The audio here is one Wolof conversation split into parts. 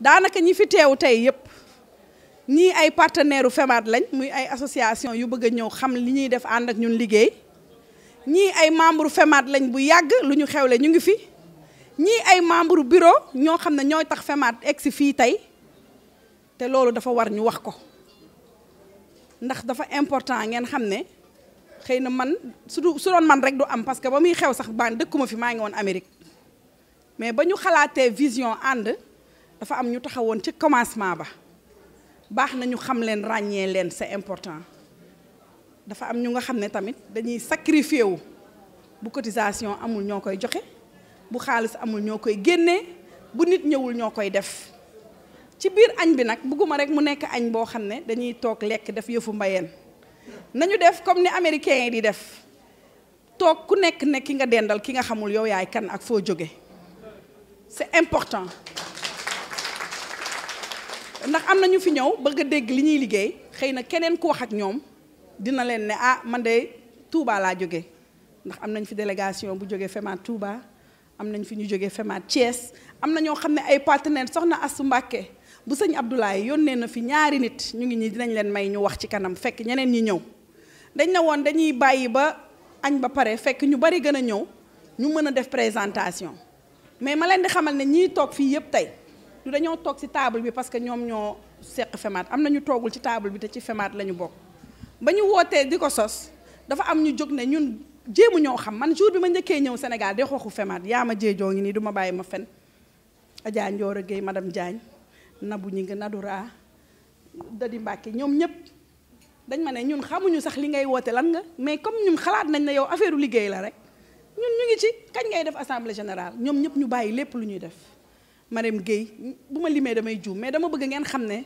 daanaka ñi fi teewu tey yëpp ñii ay partenaire u FEMAD lañ muy ay association yu bëgg a ñëw xam li ñuy def ànd ak ñun liggéey ñii ay membre FEMAD lañ bu yàgg lu ñu xewle ñu ngi fi ñii ay membre bureau ñoo xam ne ñooy tax FEMAD egsi fii tey te loolu dafa war ñu wax ko ndax dafa important ngeen xam ne xëy na man su su doon man rek du am parce que ba muy xew sax baan dëkkuma fi maa ngi woon Amérique mais ba ñu xalaatee vision ànd dafa am ñu ci commencement ba na xam leen c'est important dafa am ñu nga xam tamit dañuy sacrifié wu bu cotisation amul ñoo koy bu xaalis amul ñoo koy bu nit ñëwul ñoo koy def ci biir añ bi nag bëgguma rek mu nekk ne dañuy toog lekk def comme les américains di def toog ku nekk ne ki nga kan ak c'est important ndax am na ñu fi ñëw bëgg a dégg li ñuy liggéey xëy na keneen ku wax ak ñoom dina leen ne ah man de Touba laa jóge ndax am nañ fi délégation bu jógee FEMA Touba am nañ fi ñu jógee FEMA Thiès am na ñoo xam ne ay partenaires soxna Astou Mbacké bu sëñ Abdoulaye yónnee na fi ñaari nit ñu ngi ñi dinañ leen may ñu wax ci kanam fekk ñeneen ñi ñëw dañ ne woon dañuy bàyyi ba añ ba pare fekk ñu bari gën a ñëw ñu mën a def présentation mais ma leen di xamal ne ñiy toog fii yëpp tey du dañoo toog ci table bi parce que ñoom ñoo seq femaat am na ñu toogul ci taable bi te ci femaat la ñu bokk ba ñu wootee di ko sos dafa am ñu jóg ne ñun jéemu ñoo xam man jour bi ma njëkkee ñëw senegal de waxu femaat yaa ma jéejoo ngi nii du ma bàyyi ma fen Adja Ndioro Gueye madame Diagne Nabou Gningue Nadoura Dadi Mbacké ñoom ñëpp dañ ma ne ñun xamuñu sax li ngay woote lan nga mais comme ñun xalaat nañ ne yow affaire liggéey la rek ñun ñu ngi ci kañ ngay def assemblée générale ñoom ñëpp ñu bàyyi lépp lu ñuy def marem gay buma limé damay juum mais dama bëgg ngeen xamné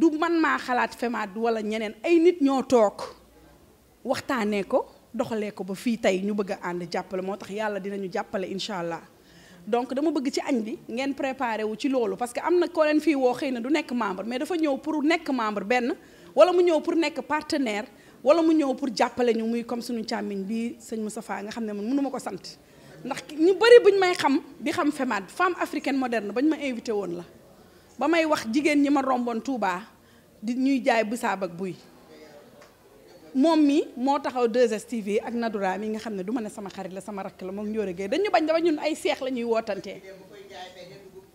du man ma xalaat FEMAD wala ñeneen ay nit ñoo tok waxtaanee ko doxalee ko ba fi tay ñu bëgg and ànd jàppale moo tax yàlla dinañu jappalé inshallah donc dama bëgg ci añ bi ngeen préparé wu ci lolu parce que amna ko len fi wo xeyna du nek membre mais dafa ñëw pour nek membre ben wala mu ñëw pour nek partenaire wala mu ñëw pour jappalé ñu muy comme suñu càmmiñ bi seigne Moustapha nga xamné man mënu ma ko sant ndax ñu bëri buñ may xam di xam FEMAD femme africaine moderne bañ ma invité woon la ba may wax jigéen ñi ma romboon Touba di ñuy jaay bisaab ak buy moom mi moo taxaw 2STV ak Nadoura mi nga xam ne du ma ne sama xarit la sama rakk la moom Ndiol Guèye dañu bañ dama ñun ay seex la ñuy wootantee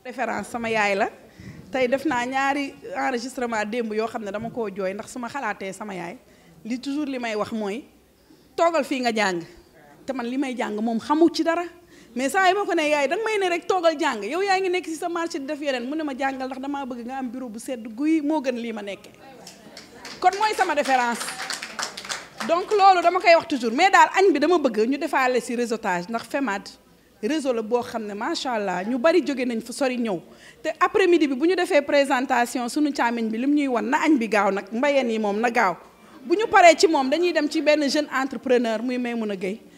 référence sama yaay la tey def naa ñaari enregistrement démb yoo xam ne dama koo jooy ndax su ma xalaatee sama yaay li toujours li may wax mooy toogal fii nga jàng te man li may jàng moom xamu ci dara mais saa yi ma ko ne yaay danga may ne rek toogal jàng yow yaa ngi nekk si sa marché di def yeneen mu ne ma jàngal ndax damaa bëgg nga am bureau bu sedd guy moo gën lii ma nekkee kon mooy sama référence donc loolu dama koy wax toujours mais daal añ bi dama bëgg ñu defaale si réseautage ndax FEMAD réseau la boo xam ne macha allah ñu bari jóge nañ fa sori ñëw te après midi bi bu ñu defee présentation suñu caamiñ bi lim ñuy wan na añ bi gaaw nag mbayeen yi moom na gaaw bu ñu paree ci moom dañuy dem ci benn jeune entrepreneur muy Maimouna Gueye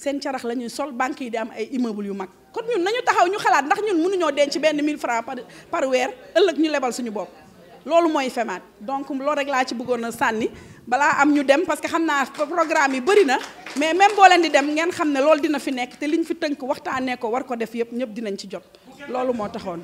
seen carax la ñuy sol banque yi di am ay immeuble yu mag kon ñun nañu taxaw ñu xalaat ndax ñun mënuñoo denc benn 1000 francs par par weer ëllëg ñu lebal suñu bopp loolu mooy femaat donc loolu rek laa ci bëggoon a sànni balaa am ñu dem parce que xam naa programme yi bëri na mais même boo leen di dem ngeen xam ne loolu dina fi nekk te liñ fi tënk waxtaanee ko war ko def yëpp ñëpp dinañ ci jot loolu moo taxoon